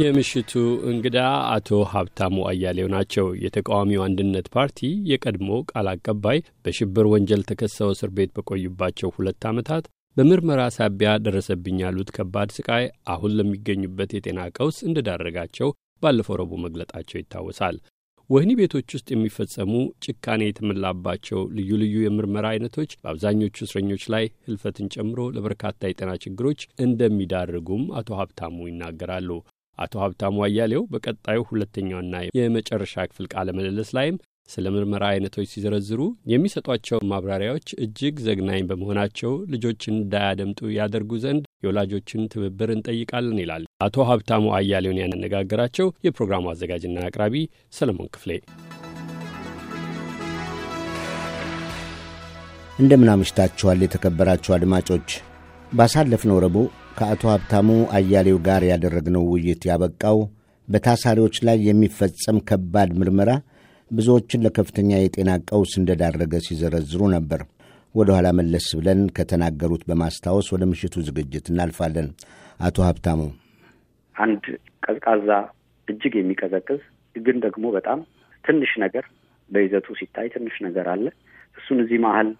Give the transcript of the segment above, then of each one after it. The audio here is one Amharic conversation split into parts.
የምሽቱ እንግዳ አቶ ሀብታሙ አያሌው ናቸው። የተቃዋሚው አንድነት ፓርቲ የቀድሞ ቃል አቀባይ በሽብር ወንጀል ተከሰው እስር ቤት በቆዩባቸው ሁለት ዓመታት በምርመራ ሳቢያ ደረሰብኝ ያሉት ከባድ ስቃይ አሁን ለሚገኙበት የጤና ቀውስ እንደዳረጋቸው ባለፈው ረቡዕ መግለጣቸው ይታወሳል። ወህኒ ቤቶች ውስጥ የሚፈጸሙ ጭካኔ የተሞላባቸው ልዩ ልዩ የምርመራ አይነቶች በአብዛኞቹ እስረኞች ላይ ህልፈትን ጨምሮ ለበርካታ የጤና ችግሮች እንደሚዳርጉም አቶ ሀብታሙ ይናገራሉ። አቶ ሀብታሙ አያሌው በቀጣዩ ሁለተኛውና የመጨረሻ ክፍል ቃለ ምልልስ ላይም ስለ ምርመራ አይነቶች ሲዘረዝሩ የሚሰጧቸው ማብራሪያዎች እጅግ ዘግናኝ በመሆናቸው ልጆችን እንዳያደምጡ ያደርጉ ዘንድ የወላጆችን ትብብር እንጠይቃለን ይላል አቶ ሀብታሙ አያሌውን ያነጋገራቸው የፕሮግራሙ አዘጋጅና አቅራቢ ሰለሞን ክፍሌ። እንደምናምሽታችኋል የተከበራችሁ አድማጮች። ባሳለፍነው ረቡዕ ከአቶ ሀብታሙ አያሌው ጋር ያደረግነው ውይይት ያበቃው በታሳሪዎች ላይ የሚፈጸም ከባድ ምርመራ ብዙዎችን ለከፍተኛ የጤና ቀውስ እንደዳረገ ሲዘረዝሩ ነበር። ወደ ኋላ መለስ ብለን ከተናገሩት በማስታወስ ወደ ምሽቱ ዝግጅት እናልፋለን። አቶ ሀብታሙ አንድ ቀዝቃዛ እጅግ የሚቀዘቅዝ ግን ደግሞ በጣም ትንሽ ነገር በይዘቱ ሲታይ ትንሽ ነገር አለ። እሱን እዚህ መሀል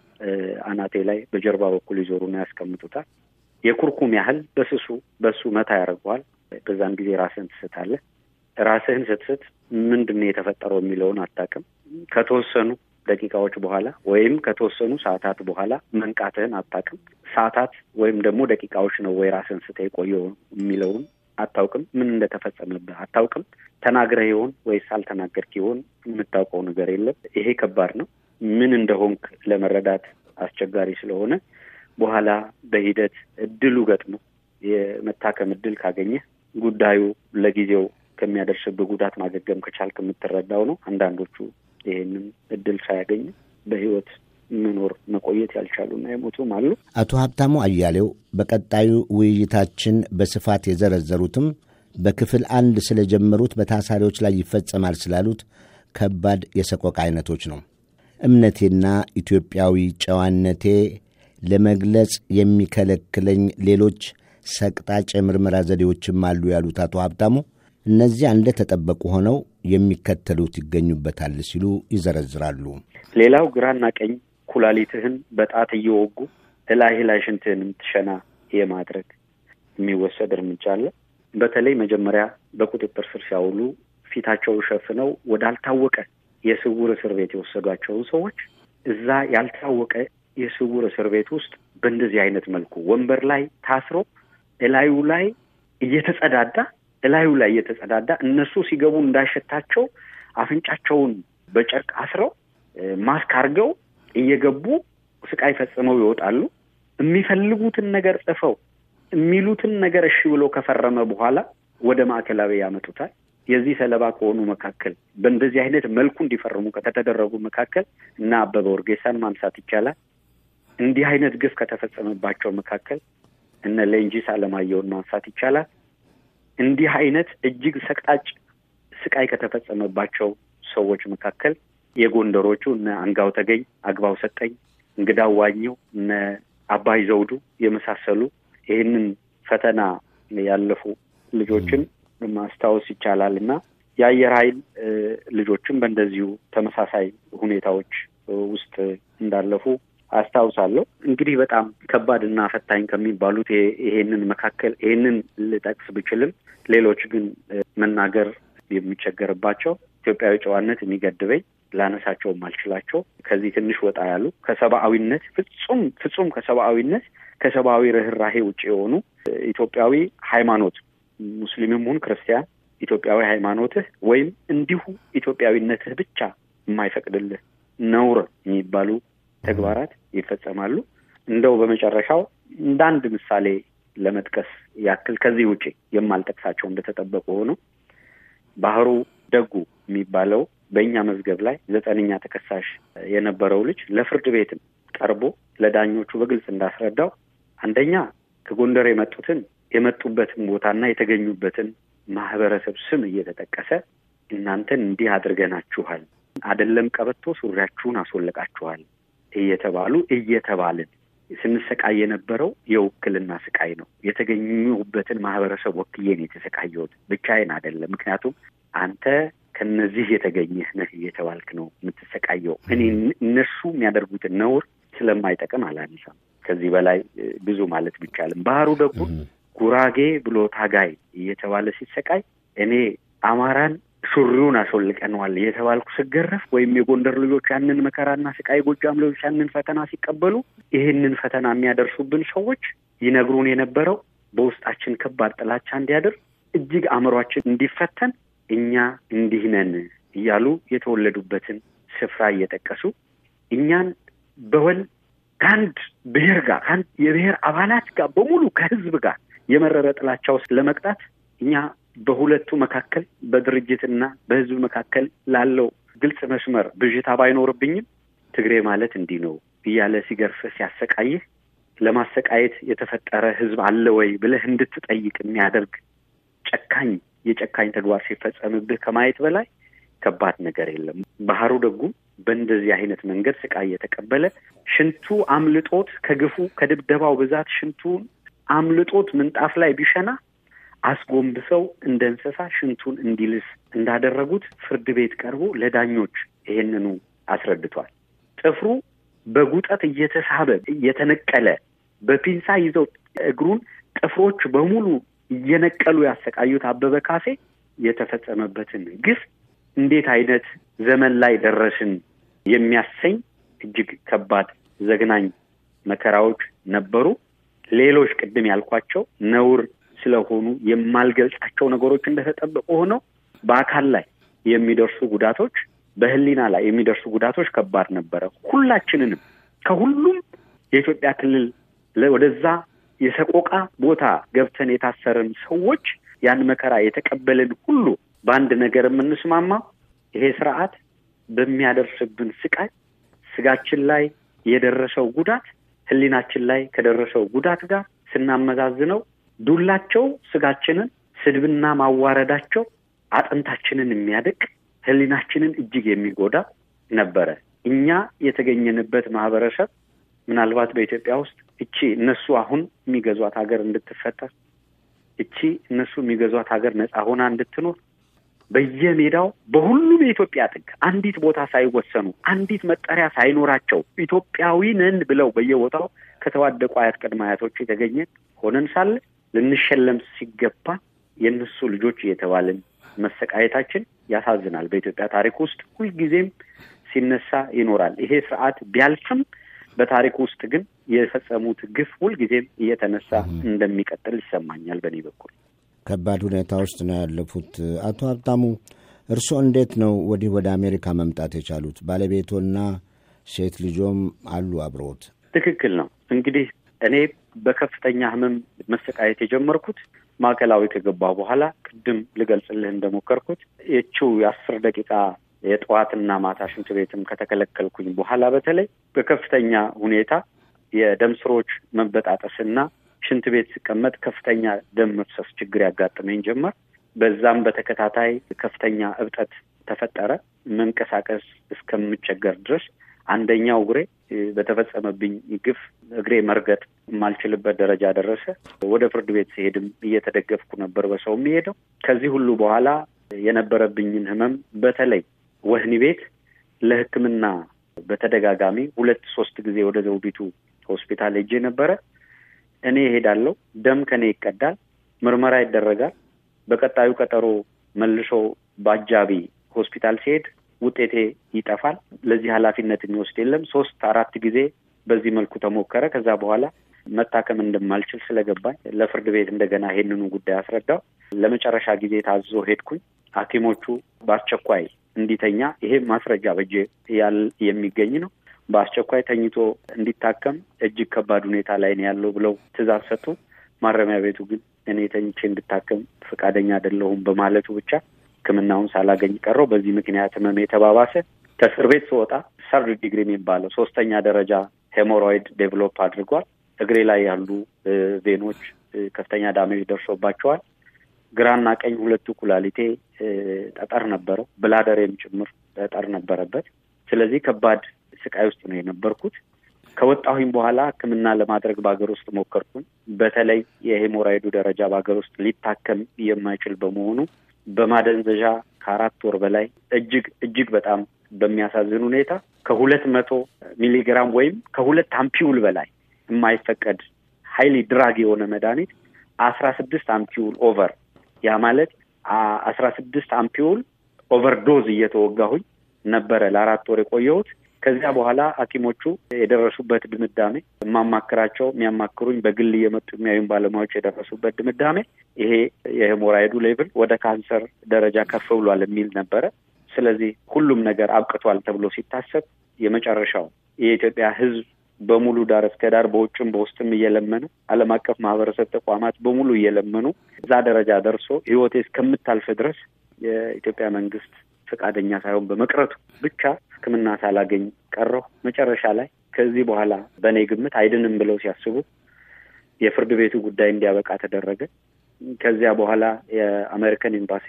አናቴ ላይ በጀርባ በኩል ይዞሩና ያስቀምጡታል። የኩርኩም ያህል በስሱ በሱ መታ ያደርገዋል። በዛን ጊዜ ራስህን ትስታለህ። ራስህን ስትስት ምንድን ነው የተፈጠረው የሚለውን አታውቅም። ከተወሰኑ ደቂቃዎች በኋላ ወይም ከተወሰኑ ሰዓታት በኋላ መንቃትህን አታውቅም። ሰዓታት ወይም ደግሞ ደቂቃዎች ነው ወይ ራስህን ስተህ የቆየው የሚለውን አታውቅም። ምን እንደተፈጸመብህ አታውቅም። ተናግረህ ይሆን ወይስ አልተናገርክ ይሆን የምታውቀው ነገር የለም። ይሄ ከባድ ነው። ምን እንደሆንክ ለመረዳት አስቸጋሪ ስለሆነ በኋላ በሂደት እድሉ ገጥሞ የመታከም እድል ካገኘ ጉዳዩ ለጊዜው ከሚያደርስብህ ጉዳት ማገገም ከቻልክ የምትረዳው ነው። አንዳንዶቹ ይህንን እድል ሳያገኝ በህይወት መኖር መቆየት ያልቻሉና የሞቱም አሉ። አቶ ሀብታሙ አያሌው በቀጣዩ ውይይታችን በስፋት የዘረዘሩትም በክፍል አንድ ስለጀመሩት በታሳሪዎች ላይ ይፈጸማል ስላሉት ከባድ የሰቆቃ አይነቶች ነው። እምነቴና ኢትዮጵያዊ ጨዋነቴ ለመግለጽ የሚከለክለኝ ሌሎች ሰቅጣጭ የምርመራ ዘዴዎችም አሉ ያሉት አቶ ሀብታሙ እነዚያ እንደተጠበቁ ሆነው የሚከተሉት ይገኙበታል ሲሉ ይዘረዝራሉ። ሌላው ግራና ቀኝ ኩላሊትህን በጣት እየወጉ እላህ ላይ ሽንትህንም ትሸና የማድረግ የሚወሰድ እርምጃ አለ። በተለይ መጀመሪያ በቁጥጥር ስር ሲያውሉ ፊታቸውን ሸፍነው ወዳልታወቀ የስውር እስር ቤት የወሰዷቸውን ሰዎች እዛ ያልታወቀ የስውር እስር ቤት ውስጥ በእንደዚህ አይነት መልኩ ወንበር ላይ ታስሮ እላዩ ላይ እየተጸዳዳ እላዩ ላይ እየተጸዳዳ እነሱ ሲገቡ እንዳይሸታቸው አፍንጫቸውን በጨርቅ አስረው ማስክ አድርገው እየገቡ ስቃይ ፈጽመው ይወጣሉ። የሚፈልጉትን ነገር ጽፈው የሚሉትን ነገር እሺ ብሎ ከፈረመ በኋላ ወደ ማዕከላዊ ያመጡታል። የዚህ ሰለባ ከሆኑ መካከል በእንደዚህ አይነት መልኩ እንዲፈርሙ ከተደረጉ መካከል እና አበበ ወርጌሳን ማንሳት ይቻላል። እንዲህ አይነት ግፍ ከተፈጸመባቸው መካከል እነ ሌንጂስ አለማየሁን ማንሳት ይቻላል። እንዲህ አይነት እጅግ ሰቅጣጭ ስቃይ ከተፈጸመባቸው ሰዎች መካከል የጎንደሮቹ እነ አንጋው ተገኝ፣ አግባው ሰጠኝ፣ እንግዳው ዋኘው፣ እነ አባይ ዘውዱ የመሳሰሉ ይህንን ፈተና ያለፉ ልጆችን ማስታወስ ይቻላል እና የአየር ኃይል ልጆችም በእንደዚሁ ተመሳሳይ ሁኔታዎች ውስጥ እንዳለፉ አስታውሳለሁ። እንግዲህ በጣም ከባድና ፈታኝ ከሚባሉት ይሄንን መካከል ይሄንን ልጠቅስ ብችልም ሌሎች ግን መናገር የሚቸገርባቸው ኢትዮጵያዊ ጨዋነት የሚገድበኝ ላነሳቸውም አልችላቸው ከዚህ ትንሽ ወጣ ያሉ ከሰብአዊነት ፍጹም ፍጹም ከሰብአዊነት ከሰብአዊ ርኅራሄ ውጭ የሆኑ ኢትዮጵያዊ ሃይማኖት ሙስሊምም ሁን ክርስቲያን ኢትዮጵያዊ ሃይማኖትህ ወይም እንዲሁ ኢትዮጵያዊነትህ ብቻ የማይፈቅድልህ ነውር የሚባሉ ተግባራት ይፈጸማሉ። እንደው በመጨረሻው እንደ አንድ ምሳሌ ለመጥቀስ ያክል ከዚህ ውጪ የማልጠቅሳቸው እንደተጠበቁ ሆኖ ባህሩ ደጉ የሚባለው በእኛ መዝገብ ላይ ዘጠነኛ ተከሳሽ የነበረው ልጅ ለፍርድ ቤትም ቀርቦ ለዳኞቹ በግልጽ እንዳስረዳው አንደኛ ከጎንደር የመጡትን የመጡበትን ቦታና የተገኙበትን ማህበረሰብ ስም እየተጠቀሰ እናንተን እንዲህ አድርገናችኋል፣ አደለም ቀበቶ ሱሪያችሁን አስወለቃችኋል፣ እየተባሉ እየተባልን ስንሰቃይ የነበረው የውክልና ስቃይ ነው። የተገኘሁበትን ማህበረሰብ ወክዬ ነው የተሰቃየሁት። ብቻዬን አይደለም። ምክንያቱም አንተ ከነዚህ የተገኘህ ነህ እየተባልክ ነው የምትሰቃየው። እኔ እነሱ የሚያደርጉትን ነውር ስለማይጠቅም አላነሳም። ከዚህ በላይ ብዙ ማለት ቢቻልም ባህሩ ደግሞ ጉራጌ ብሎ ታጋይ እየተባለ ሲሰቃይ እኔ አማራን ሱሪውን አሾልቀነዋል የተባልኩ ስገረፍ ወይም የጎንደር ልጆች ያንን መከራና ስቃይ፣ ጎጃም ልጆች ያንን ፈተና ሲቀበሉ ይህንን ፈተና የሚያደርሱብን ሰዎች ይነግሩን የነበረው በውስጣችን ከባድ ጥላቻ እንዲያድር እጅግ አእምሯችን እንዲፈተን እኛ እንዲህ ነን እያሉ የተወለዱበትን ስፍራ እየጠቀሱ እኛን በወል ከአንድ ብሔር ጋር ከአንድ የብሔር አባላት ጋር በሙሉ ከህዝብ ጋር የመረረ ጥላቻ ውስጥ ለመቅጣት እኛ በሁለቱ መካከል በድርጅትና በህዝብ መካከል ላለው ግልጽ መስመር ብዥታ ባይኖርብኝም ትግሬ ማለት እንዲህ ነው እያለ ሲገርፍ ሲያሰቃይህ ለማሰቃየት የተፈጠረ ህዝብ አለ ወይ ብለህ እንድትጠይቅ የሚያደርግ ጨካኝ የጨካኝ ተግባር ሲፈጸምብህ ከማየት በላይ ከባድ ነገር የለም። ባህሩ ደጉ በእንደዚህ አይነት መንገድ ስቃይ የተቀበለ ሽንቱ አምልጦት ከግፉ ከድብደባው ብዛት ሽንቱን አምልጦት ምንጣፍ ላይ ቢሸና አስጎንብሰው እንደ እንስሳ ሽንቱን እንዲልስ እንዳደረጉት ፍርድ ቤት ቀርቦ ለዳኞች ይሄንኑ አስረድቷል። ጥፍሩ በጉጠት እየተሳበ እየተነቀለ በፒንሳ ይዘው እግሩን ጥፍሮች በሙሉ እየነቀሉ ያሰቃዩት አበበ ካሴ የተፈጸመበትን ግፍ እንዴት አይነት ዘመን ላይ ደረስን የሚያሰኝ እጅግ ከባድ ዘግናኝ መከራዎች ነበሩ። ሌሎች ቅድም ያልኳቸው ነውር ስለሆኑ የማልገልጻቸው ነገሮች እንደተጠበቁ ሆነው በአካል ላይ የሚደርሱ ጉዳቶች፣ በህሊና ላይ የሚደርሱ ጉዳቶች ከባድ ነበረ። ሁላችንንም ከሁሉም የኢትዮጵያ ክልል ወደዛ የሰቆቃ ቦታ ገብተን የታሰርን ሰዎች ያን መከራ የተቀበልን ሁሉ በአንድ ነገር የምንስማማ ይሄ ስርዓት በሚያደርስብን ስቃይ ስጋችን ላይ የደረሰው ጉዳት ህሊናችን ላይ ከደረሰው ጉዳት ጋር ስናመዛዝነው ዱላቸው ስጋችንን፣ ስድብና ማዋረዳቸው አጥንታችንን የሚያደቅ ህሊናችንን እጅግ የሚጎዳ ነበረ። እኛ የተገኘንበት ማህበረሰብ ምናልባት በኢትዮጵያ ውስጥ እቺ እነሱ አሁን የሚገዟት ሀገር እንድትፈጠር እቺ እነሱ የሚገዟት ሀገር ነፃ ሆና እንድትኖር በየሜዳው በሁሉም የኢትዮጵያ ጥግ አንዲት ቦታ ሳይወሰኑ አንዲት መጠሪያ ሳይኖራቸው ኢትዮጵያዊ ነን ብለው በየቦታው ከተዋደቁ አያት ቅድመ አያቶች የተገኘ ሆነን ሳለ ልንሸለም ሲገባ የእነሱ ልጆች እየተባልን መሰቃየታችን ያሳዝናል። በኢትዮጵያ ታሪክ ውስጥ ሁልጊዜም ሲነሳ ይኖራል። ይሄ ስርዓት ቢያልፍም በታሪክ ውስጥ ግን የፈጸሙት ግፍ ሁልጊዜም እየተነሳ እንደሚቀጥል ይሰማኛል። በእኔ በኩል ከባድ ሁኔታ ውስጥ ነው ያለፉት። አቶ ሀብታሙ እርስዎ እንዴት ነው ወዲህ ወደ አሜሪካ መምጣት የቻሉት? ባለቤቶና ሴት ልጆም አሉ አብረውት። ትክክል ነው እንግዲህ እኔ በከፍተኛ ህመም መሰቃየት የጀመርኩት ማዕከላዊ ከገባ በኋላ ቅድም ልገልጽልህ እንደሞከርኩት የችው የአስር ደቂቃ የጠዋትና ማታ ሽንት ቤትም ከተከለከልኩኝ በኋላ በተለይ በከፍተኛ ሁኔታ የደም ስሮች መበጣጠስና ሽንት ቤት ሲቀመጥ ከፍተኛ ደም መፍሰስ ችግር ያጋጥመኝ ጀመር። በዛም በተከታታይ ከፍተኛ እብጠት ተፈጠረ። መንቀሳቀስ እስከምቸገር ድረስ አንደኛው እግሬ በተፈጸመብኝ ግፍ እግሬ መርገጥ የማልችልበት ደረጃ ደረሰ። ወደ ፍርድ ቤት ሲሄድም እየተደገፍኩ ነበር በሰው የሚሄደው። ከዚህ ሁሉ በኋላ የነበረብኝን ህመም በተለይ ወህኒ ቤት ለሕክምና በተደጋጋሚ ሁለት ሶስት ጊዜ ወደ ዘውዲቱ ሆስፒታል ሄጄ ነበረ። እኔ እሄዳለሁ፣ ደም ከኔ ይቀዳል፣ ምርመራ ይደረጋል። በቀጣዩ ቀጠሮ መልሶ በአጃቢ ሆስፒታል ሲሄድ ውጤቴ ይጠፋል፣ ለዚህ ኃላፊነት የሚወስድ የለም። ሶስት አራት ጊዜ በዚህ መልኩ ተሞከረ። ከዛ በኋላ መታከም እንደማልችል ስለገባኝ ለፍርድ ቤት እንደገና ይሄንኑ ጉዳይ አስረዳው። ለመጨረሻ ጊዜ ታዞ ሄድኩኝ። ሐኪሞቹ በአስቸኳይ እንዲተኛ ይሄ ማስረጃ በእጄ ያል የሚገኝ ነው። በአስቸኳይ ተኝቶ እንዲታከም እጅግ ከባድ ሁኔታ ላይ ነው ያለው ብለው ትዕዛዝ ሰጡ። ማረሚያ ቤቱ ግን እኔ ተኝቼ እንድታከም ፈቃደኛ አይደለሁም በማለቱ ብቻ ሕክምናውን ሳላገኝ ቀረው። በዚህ ምክንያት ህመም የተባባሰ ከእስር ቤት ስወጣ ሰርድ ዲግሪ የሚባለው ሶስተኛ ደረጃ ሄሞሮይድ ዴቨሎፕ አድርጓል። እግሬ ላይ ያሉ ቬኖች ከፍተኛ ዳሜጅ ደርሶባቸዋል። ግራና ቀኝ ሁለቱ ኩላሊቴ ጠጠር ነበረው፣ ብላደሬም ጭምር ጠጠር ነበረበት። ስለዚህ ከባድ ስቃይ ውስጥ ነው የነበርኩት። ከወጣሁኝ በኋላ ህክምና ለማድረግ በሀገር ውስጥ ሞከርኩኝ። በተለይ የሄሞራይዱ ደረጃ በሀገር ውስጥ ሊታከም የማይችል በመሆኑ በማደንዘዣ ከአራት ወር በላይ እጅግ እጅግ በጣም በሚያሳዝን ሁኔታ ከሁለት መቶ ሚሊግራም ወይም ከሁለት አምፒውል በላይ የማይፈቀድ ሀይሊ ድራግ የሆነ መድኃኒት አስራ ስድስት አምፒውል ኦቨር ያ ማለት አስራ ስድስት አምፒውል ኦቨር ዶዝ እየተወጋሁኝ ነበረ ለአራት ወር የቆየሁት። ከዚያ በኋላ ሐኪሞቹ የደረሱበት ድምዳሜ የማማክራቸው የሚያማክሩኝ በግል እየመጡ የሚያዩን ባለሙያዎች የደረሱበት ድምዳሜ ይሄ የሄሞራይዱ ሌቭል ወደ ካንሰር ደረጃ ከፍ ብሏል የሚል ነበረ። ስለዚህ ሁሉም ነገር አብቅቷል ተብሎ ሲታሰብ የመጨረሻው የኢትዮጵያ ሕዝብ በሙሉ ዳር እስከ ዳር በውጭም በውስጥም እየለመነ ዓለም አቀፍ ማህበረሰብ ተቋማት በሙሉ እየለመኑ እዛ ደረጃ ደርሶ ህይወቴ እስከምታልፍ ድረስ የኢትዮጵያ መንግስት ፈቃደኛ ሳይሆን በመቅረቱ ብቻ ሕክምና ሳላገኝ ቀረሁ። መጨረሻ ላይ ከዚህ በኋላ በእኔ ግምት አይድንም ብለው ሲያስቡ የፍርድ ቤቱ ጉዳይ እንዲያበቃ ተደረገ። ከዚያ በኋላ የአሜሪካን ኤምባሲ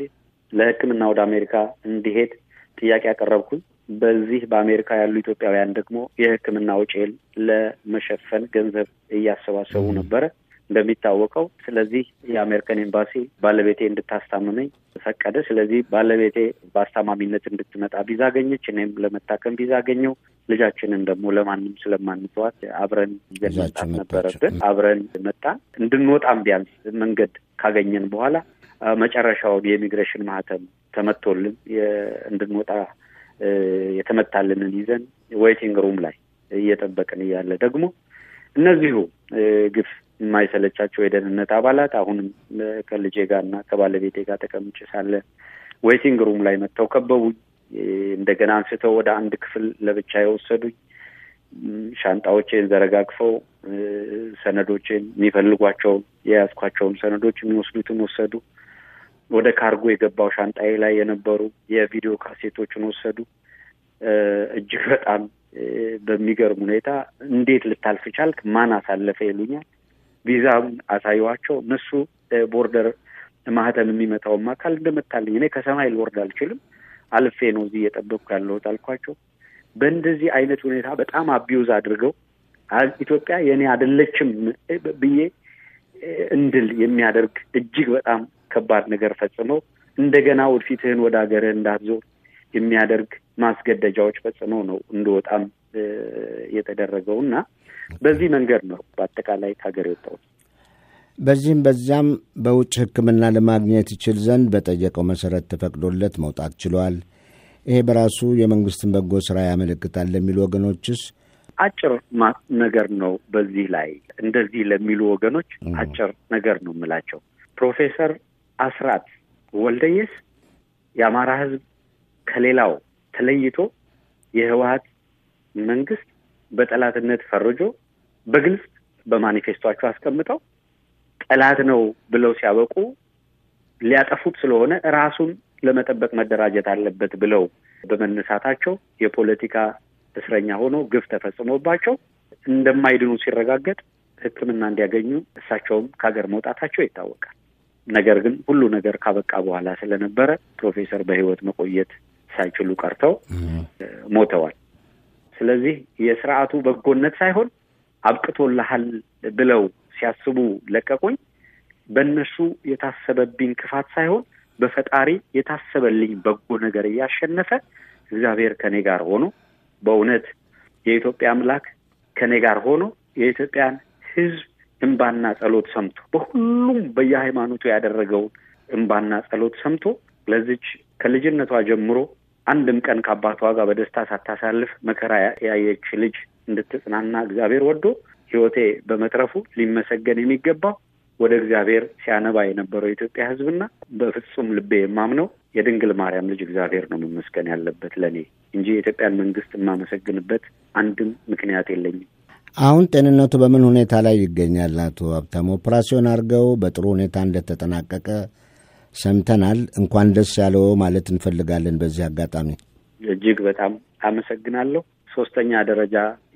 ለሕክምና ወደ አሜሪካ እንዲሄድ ጥያቄ ያቀረብኩኝ በዚህ በአሜሪካ ያሉ ኢትዮጵያውያን ደግሞ የሕክምና ወጪን ለመሸፈን ገንዘብ እያሰባሰቡ ነበረ። እንደሚታወቀው። ስለዚህ የአሜሪካን ኤምባሲ ባለቤቴ እንድታስታምመኝ ፈቀደ። ስለዚህ ባለቤቴ በአስታማሚነት እንድትመጣ ቪዛ አገኘች። እኔም ለመታከም ቪዛ አገኘው። ልጃችንን ደግሞ ለማንም ስለማንተዋት አብረን ይዘን ነበረብን። አብረን መጣን። እንድንወጣም ቢያንስ መንገድ ካገኘን በኋላ መጨረሻውን የኢሚግሬሽን ማህተም ተመቶልን እንድንወጣ የተመታልንን ይዘን ዌይቲንግ ሩም ላይ እየጠበቅን እያለ ደግሞ እነዚሁ ግፍ የማይሰለቻቸው የደህንነት አባላት አሁንም ከልጄ ጋር እና ከባለቤቴ ጋር ተቀምጬ ሳለ ዌይቲንግ ሩም ላይ መጥተው ከበቡኝ። እንደገና አንስተው ወደ አንድ ክፍል ለብቻ የወሰዱኝ፣ ሻንጣዎቼን ዘረጋግፈው ሰነዶቼን፣ የሚፈልጓቸውን የያዝኳቸውን ሰነዶች የሚወስዱትን ወሰዱ። ወደ ካርጎ የገባው ሻንጣዬ ላይ የነበሩ የቪዲዮ ካሴቶችን ወሰዱ። እጅግ በጣም በሚገርም ሁኔታ እንዴት ልታልፍ ቻልክ? ማን አሳለፈ? ይሉኛል። ቪዛውን አሳየዋቸው እነሱ ቦርደር ማህተም የሚመታውም አካል እንደመታልኝ እኔ ከሰማይ ልወርድ አልችልም፣ አልፌ ነው እዚህ እየጠበቅኩ ያለሁት አልኳቸው። በእንደዚህ አይነት ሁኔታ በጣም አቢዩዝ አድርገው ኢትዮጵያ የእኔ አደለችም ብዬ እንድል የሚያደርግ እጅግ በጣም ከባድ ነገር ፈጽመው እንደገና ወድፊትህን ወደ ሀገርህ እንዳትዞር የሚያደርግ ማስገደጃዎች ፈጽመው ነው እንደወጣም የተደረገው እና በዚህ መንገድ ነው በአጠቃላይ ከሀገር የወጣሁት። በዚህም በዚያም በውጭ ሕክምና ለማግኘት ይችል ዘንድ በጠየቀው መሰረት ተፈቅዶለት መውጣት ችሏል። ይሄ በራሱ የመንግስትን በጎ ስራ ያመለክታል ለሚሉ ወገኖችስ አጭር ነገር ነው። በዚህ ላይ እንደዚህ ለሚሉ ወገኖች አጭር ነገር ነው የምላቸው። ፕሮፌሰር አስራት ወልደየስ የአማራ ህዝብ ከሌላው ተለይቶ የህወሀት መንግስት በጠላትነት ፈርጆ በግልጽ በማኒፌስቷቸው አስቀምጠው ጠላት ነው ብለው ሲያበቁ ሊያጠፉት ስለሆነ ራሱን ለመጠበቅ መደራጀት አለበት ብለው በመነሳታቸው የፖለቲካ እስረኛ ሆኖ ግፍ ተፈጽሞባቸው እንደማይድኑ ሲረጋገጥ ሕክምና እንዲያገኙ እሳቸውም ከሀገር መውጣታቸው ይታወቃል። ነገር ግን ሁሉ ነገር ካበቃ በኋላ ስለነበረ ፕሮፌሰር በሕይወት መቆየት ሳይችሉ ቀርተው ሞተዋል። ስለዚህ የስርዓቱ በጎነት ሳይሆን አብቅቶልሃል ብለው ሲያስቡ ለቀቁኝ። በእነሱ የታሰበብኝ ክፋት ሳይሆን በፈጣሪ የታሰበልኝ በጎ ነገር እያሸነፈ እግዚአብሔር ከኔ ጋር ሆኖ በእውነት የኢትዮጵያ አምላክ ከኔ ጋር ሆኖ የኢትዮጵያን ሕዝብ እንባና ጸሎት ሰምቶ በሁሉም በየሃይማኖቱ ያደረገውን እንባና ጸሎት ሰምቶ ለዚች ከልጅነቷ ጀምሮ አንድም ቀን ከአባቷ ጋር በደስታ ሳታሳልፍ መከራ ያየች ልጅ እንድትጽናና እግዚአብሔር ወዶ ህይወቴ በመትረፉ ሊመሰገን የሚገባው ወደ እግዚአብሔር ሲያነባ የነበረው የኢትዮጵያ ህዝብና በፍጹም ልቤ የማምነው የድንግል ማርያም ልጅ እግዚአብሔር ነው መመስገን ያለበት ለእኔ እንጂ የኢትዮጵያን መንግስት የማመሰግንበት አንድም ምክንያት የለኝም። አሁን ጤንነቱ በምን ሁኔታ ላይ ይገኛል? አቶ ሀብታሙ ኦፕራሲዮን አድርገው በጥሩ ሁኔታ እንደተጠናቀቀ ሰምተናል። እንኳን ደስ ያለው ማለት እንፈልጋለን። በዚህ አጋጣሚ እጅግ በጣም አመሰግናለሁ። ሶስተኛ ደረጃ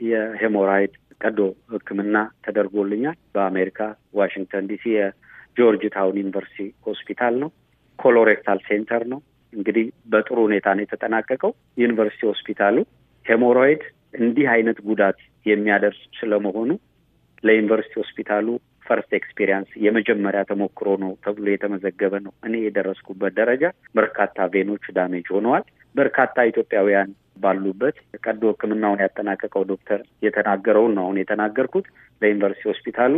የሄሞራይድ ቀዶ ሕክምና ተደርጎልኛል። በአሜሪካ ዋሽንግተን ዲሲ የጆርጅ ታውን ዩኒቨርሲቲ ሆስፒታል ነው። ኮሎሬክታል ሴንተር ነው። እንግዲህ በጥሩ ሁኔታ ነው የተጠናቀቀው። ዩኒቨርሲቲ ሆስፒታሉ ሄሞሮይድ እንዲህ አይነት ጉዳት የሚያደርስ ስለመሆኑ ለዩኒቨርሲቲ ሆስፒታሉ ፈርስት ኤክስፔሪያንስ የመጀመሪያ ተሞክሮ ነው ተብሎ የተመዘገበ ነው። እኔ የደረስኩበት ደረጃ በርካታ ቬኖች ዳሜጅ ሆነዋል። በርካታ ኢትዮጵያውያን ባሉበት ቀዶ ሕክምናውን ያጠናቀቀው ዶክተር የተናገረውን ነው አሁን የተናገርኩት። በዩኒቨርሲቲ ሆስፒታሉ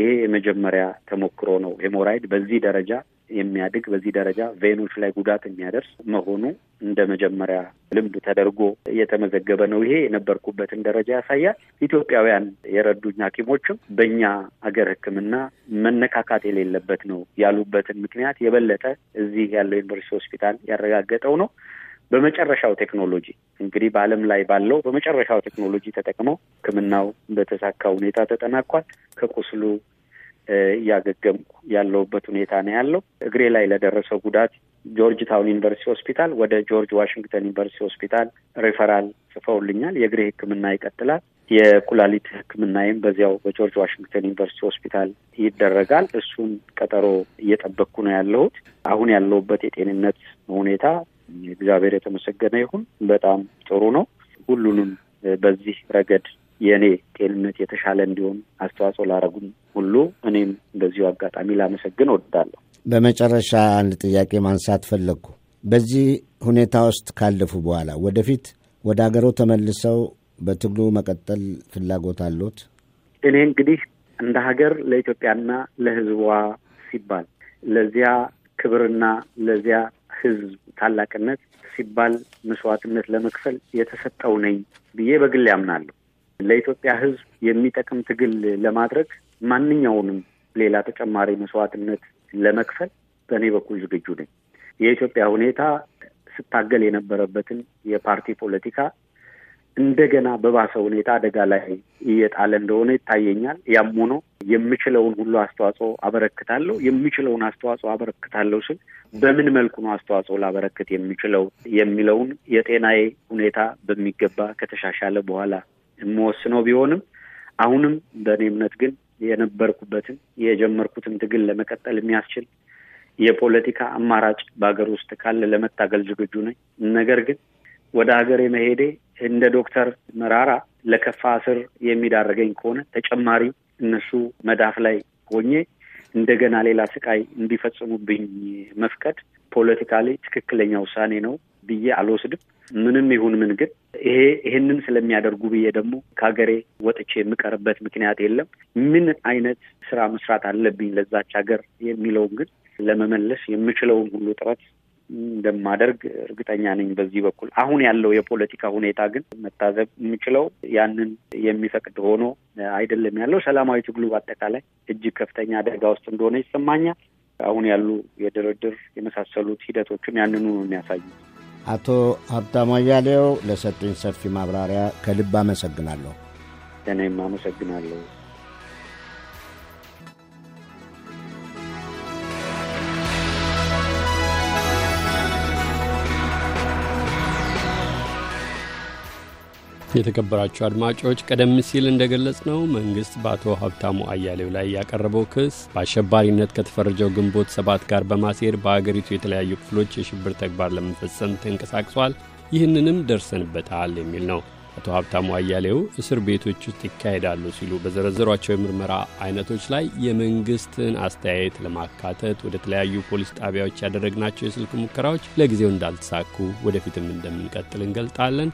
ይሄ የመጀመሪያ ተሞክሮ ነው። ሄሞራይድ በዚህ ደረጃ የሚያድግ በዚህ ደረጃ ቬኖች ላይ ጉዳት የሚያደርስ መሆኑ እንደ መጀመሪያ ልምድ ተደርጎ የተመዘገበ ነው። ይሄ የነበርኩበትን ደረጃ ያሳያል። ኢትዮጵያውያን የረዱኝ ሐኪሞችም በእኛ አገር ሕክምና መነካካት የሌለበት ነው ያሉበትን ምክንያት የበለጠ እዚህ ያለው ዩኒቨርሲቲ ሆስፒታል ያረጋገጠው ነው። በመጨረሻው ቴክኖሎጂ እንግዲህ በዓለም ላይ ባለው በመጨረሻው ቴክኖሎጂ ተጠቅመው ሕክምናው በተሳካ ሁኔታ ተጠናቋል። ከቁስሉ እያገገምኩ ያለሁበት ሁኔታ ነው ያለው። እግሬ ላይ ለደረሰው ጉዳት ጆርጅ ታውን ዩኒቨርሲቲ ሆስፒታል ወደ ጆርጅ ዋሽንግተን ዩኒቨርሲቲ ሆስፒታል ሪፈራል ጽፈውልኛል። የእግሬ ሕክምና ይቀጥላል። የኩላሊት ሕክምናዬም በዚያው በጆርጅ ዋሽንግተን ዩኒቨርሲቲ ሆስፒታል ይደረጋል። እሱን ቀጠሮ እየጠበቅኩ ነው ያለሁት። አሁን ያለሁበት የጤንነት ሁኔታ እግዚአብሔር የተመሰገነ ይሁን። በጣም ጥሩ ነው። ሁሉንም በዚህ ረገድ የእኔ ጤንነት የተሻለ እንዲሆን አስተዋጽኦ ላረጉም ሁሉ እኔም በዚሁ አጋጣሚ ላመሰግን እወዳለሁ። በመጨረሻ አንድ ጥያቄ ማንሳት ፈለግኩ። በዚህ ሁኔታ ውስጥ ካለፉ በኋላ ወደፊት ወደ አገሮ ተመልሰው በትግሉ መቀጠል ፍላጎት አሉት? እኔ እንግዲህ እንደ ሀገር ለኢትዮጵያና ለሕዝቧ ሲባል ለዚያ ክብርና ለዚያ ህዝብ ታላቅነት ሲባል መስዋዕትነት ለመክፈል የተሰጠው ነኝ ብዬ በግል ያምናለሁ። ለኢትዮጵያ ህዝብ የሚጠቅም ትግል ለማድረግ ማንኛውንም ሌላ ተጨማሪ መስዋዕትነት ለመክፈል በእኔ በኩል ዝግጁ ነኝ። የኢትዮጵያ ሁኔታ ስታገል የነበረበትን የፓርቲ ፖለቲካ እንደገና በባሰ ሁኔታ አደጋ ላይ እየጣለ እንደሆነ ይታየኛል። ያም ሆኖ የምችለውን ሁሉ አስተዋጽኦ አበረክታለሁ። የምችለውን አስተዋጽኦ አበረክታለሁ ስል በምን መልኩ ነው አስተዋጽኦ ላበረክት የሚችለው የሚለውን የጤናዬ ሁኔታ በሚገባ ከተሻሻለ በኋላ የምወስነው ቢሆንም አሁንም በእኔ እምነት ግን የነበርኩበትን የጀመርኩትን ትግል ለመቀጠል የሚያስችል የፖለቲካ አማራጭ በሀገር ውስጥ ካለ ለመታገል ዝግጁ ነኝ። ነገር ግን ወደ ሀገሬ መሄዴ እንደ ዶክተር መራራ ለከፋ እስር የሚዳረገኝ ከሆነ ተጨማሪ እነሱ መዳፍ ላይ ሆኜ እንደገና ሌላ ስቃይ እንዲፈጽሙብኝ መፍቀድ ፖለቲካሊ ትክክለኛ ውሳኔ ነው ብዬ አልወስድም። ምንም ይሁን ምን ግን ይሄ ይህንን ስለሚያደርጉ ብዬ ደግሞ ከሀገሬ ወጥቼ የምቀርበት ምክንያት የለም። ምን አይነት ስራ መስራት አለብኝ ለዛች ሀገር የሚለውን ግን ለመመለስ የምችለውን ሁሉ ጥረት እንደማደርግ እርግጠኛ ነኝ። በዚህ በኩል አሁን ያለው የፖለቲካ ሁኔታ ግን መታዘብ የምችለው ያንን የሚፈቅድ ሆኖ አይደለም ያለው። ሰላማዊ ትግሉ በአጠቃላይ እጅግ ከፍተኛ አደጋ ውስጥ እንደሆነ ይሰማኛል። አሁን ያሉ የድርድር የመሳሰሉት ሂደቶችም ያንኑ ነው የሚያሳዩ። አቶ ሀብታሙ አያሌው ለሰጡኝ ሰፊ ማብራሪያ ከልብ አመሰግናለሁ። እኔም አመሰግናለሁ። የተከበራቸው አድማጮች ቀደም ሲል እንደገለጽ ነው መንግስት በአቶ ሀብታሙ አያሌው ላይ ያቀረበው ክስ በአሸባሪነት ከተፈረጀው ግንቦት ሰባት ጋር በማሴር በአገሪቱ የተለያዩ ክፍሎች የሽብር ተግባር ለመፈጸም ተንቀሳቅሷል፣ ይህንንም ደርሰንበታል የሚል ነው። አቶ ሀብታሙ አያሌው እስር ቤቶች ውስጥ ይካሄዳሉ ሲሉ በዘረዘሯቸው የምርመራ አይነቶች ላይ የመንግስትን አስተያየት ለማካተት ወደ ተለያዩ ፖሊስ ጣቢያዎች ያደረግናቸው የስልክ ሙከራዎች ለጊዜው እንዳልተሳኩ፣ ወደፊትም እንደምንቀጥል እንገልጣለን።